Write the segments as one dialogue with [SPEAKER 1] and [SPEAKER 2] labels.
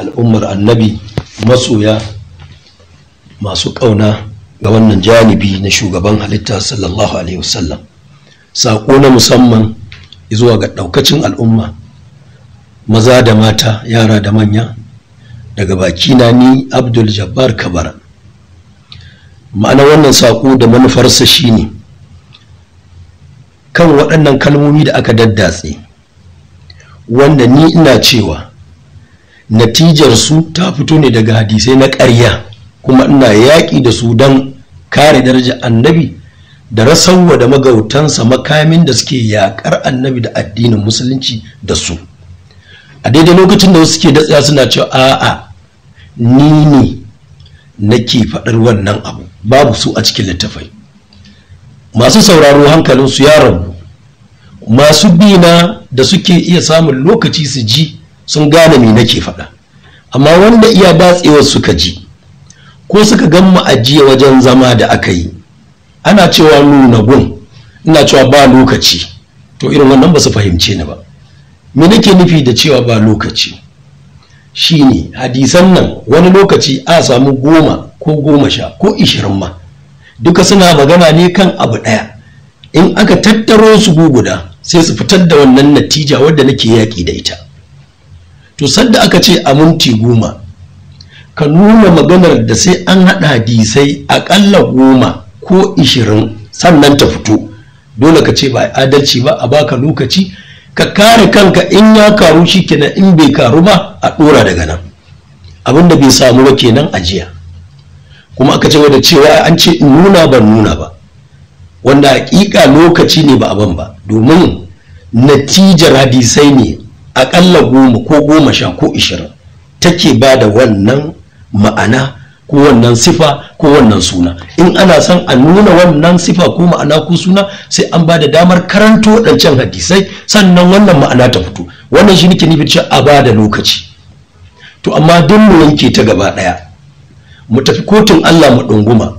[SPEAKER 1] al'ummar annabi masoya masu ƙauna ga wannan janibi na shugaban halitta sallallahu alaihi wasallam saƙo na musamman zuwa ga ɗaukacin al'umma maza da mata yara da manya daga baki na ni abdul jabbar kabara ma'ana wannan sako da manufarsa shine kan waɗannan kalmomi da aka daddatse wanda ni ina cewa natijar su ta fito ne daga hadisai na ƙarya kuma ina yaƙi da su don kare daraja annabi da rasauwa da magautansa makamin da suke yaƙar annabi da addinin musulunci da su a daidai lokacin da wasu suke datsaya suna cewa a'a ni ne nake faɗar wannan abu babu su a cikin littafai masu sauraro hankalinsu ya rabu masu bina da suke iya samun lokaci su ji sun gane me nake faɗa amma wanda iya datsewar suka ji ko suka gan ma'ajiya wajen zama da aka yi ana cewa nuna gun ina cewa ba lokaci to irin wannan ba su fahimce ni ba me nake nufi da cewa ba lokaci shine hadisan nan wani lokaci a samu goma ko goma sha ko ishirin ma duka suna magana ne kan abu ɗaya in aka tattaro su guguda sai su fitar da wannan natija wadda nake yaki da ita to sadda aka ce a minti goma ka nuna maganar da sai an haɗa hadisai aƙalla goma ko ishirin sannan ta fito dole ka ce ba adalci ba a baka lokaci ka kare kanka in ya karu shi kenan in bai karu ba a ɗora daga nan abin da bai samu ba kenan a jiya kuma aka ce da cewa an ce in nuna ban nuna ba wanda hakika lokaci ne ba abin ba domin natijar hadisai ne aƙalla goma ko goma sha ko ishirin take ba da wannan ma'ana ko wannan sifa ko wannan suna in ana son a nuna wannan sifa ko ma'ana ko suna sai an ba da damar karanto waɗancan hadisai sannan wannan ma'ana ta fito wannan shi nake nufin cewa a ba da lokaci to amma duk mu yanke ta gaba ɗaya mu tafi kotun Allah mu ɗunguma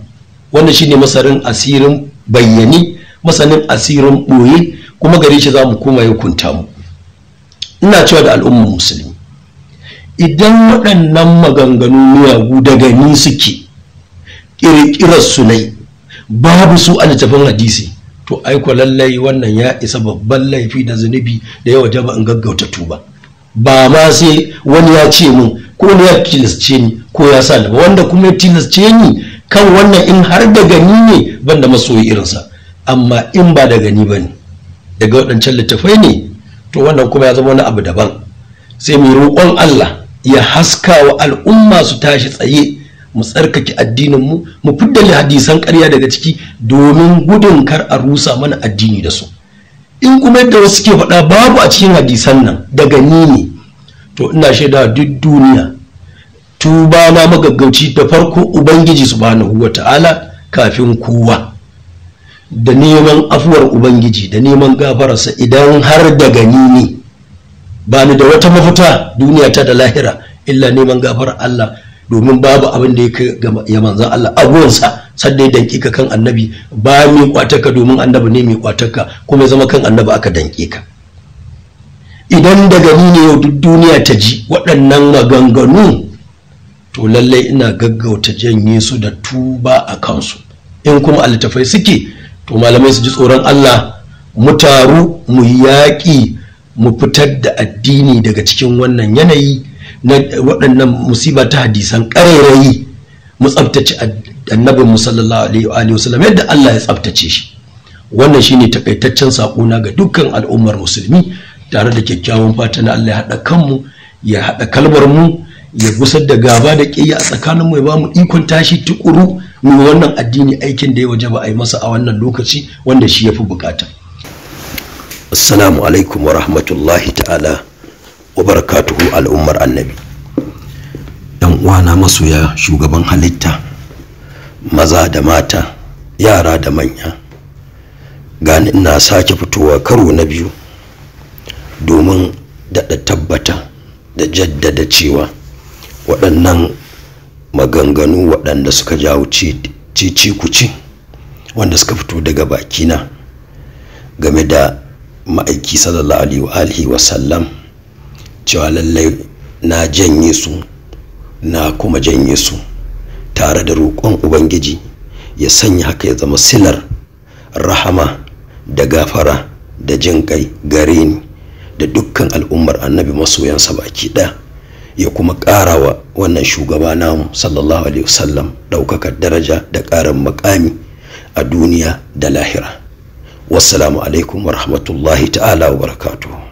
[SPEAKER 1] wannan shine masarin asirin bayyane, masanin asirin boye kuma gare shi za mu koma ya kunta mu ina cewa da al'umma musulmi idan waɗannan maganganu miyagu daga ni suke ƙirƙirar su nai babu su a littafin hadisi to aiko lallai wannan ya isa babban laifi da zunubi da yawa in gaggauta tuba ba ma sai wani ya ce min ko ne ya tilasce ni ko ya sa ba wanda kuma ya tilasce ni kan wannan in har da gani ne ban da masoyi irinsa amma in ba da gani ba ne daga waɗancan littafai ne to wannan kuma ya zama wani abu daban sai mai roƙon Allah ya haska wa al'umma su tashi tsaye mu tsarkake addinin mu mu fidda hadisan ƙarya daga ciki domin gudun kar a rusa mana addini da su in kuma yadda wasu ke faɗa babu a cikin hadisan nan daga ni ne to ina shaida duk duniya tuba na magaggauci da farko ubangiji subhanahu wata'ala kafin kowa da neman afuwar ubangiji da neman gafararsa idan har da gani ne ba ni da wata mafita duniya ta da lahira illa neman gafarar Allah domin babu abin da ya manzan Allah abuwansa sadda ya danki ka kan annabi ba mai kwatarka domin annabi ne mai kwatarka kuma ya zama kan annabi aka danki ka idan da gani ne yau duk duniya ta ji waɗannan maganganu to lallai ina gaggauta janye su da tuba a kansu in kuma alitafai suke to malamai su ji tsoron Allah mu taru mu yaƙi mu fitar da addini daga cikin wannan yanayi na waɗannan musiba ta hadisan ƙarairayi mu tsabtace annabin mu sallallahu alaihi wasallam yadda Allah ya tsabtace shi wannan shine takaitaccen na ga dukkan al'ummar musulmi tare da kyakkyawan fata na Allah ya haɗa kanmu ya haɗa kalmar mu ya gusar da gaba da ƙiyya a tsakanin mu ya ba mu ikon tashi tukuru mu wannan addini aikin da ya waje ba a yi masa a wannan lokaci wanda shi ya fi bukata assalamu alaikum wa rahmatullahi ta'ala wa barakatuhu al'ummar annabi yan uwana masoya shugaban halitta maza da mata yara da manya gani ina sake fitowa karo na biyu domin daɗa tabbata da jaddada cewa waɗannan maganganu waɗanda suka jawo ci wanda suka fito daga bakina game da ma'aiki sallallahu alaihi wa sallam cewa lallai na janye su na kuma janye su tare da roƙon ubangiji ya sanya haka ya zama silar rahama da gafara da jin kai gare ni da dukkan al'ummar annabi masoyansa baki ɗaya ya kuma ƙara wa wannan shugaba namu sallallahu alaihi wasallam ɗaukakar daraja da ƙarin makami a duniya da lahira wassalamu alaikum wa rahmatullahi ta'ala wa barakatuhu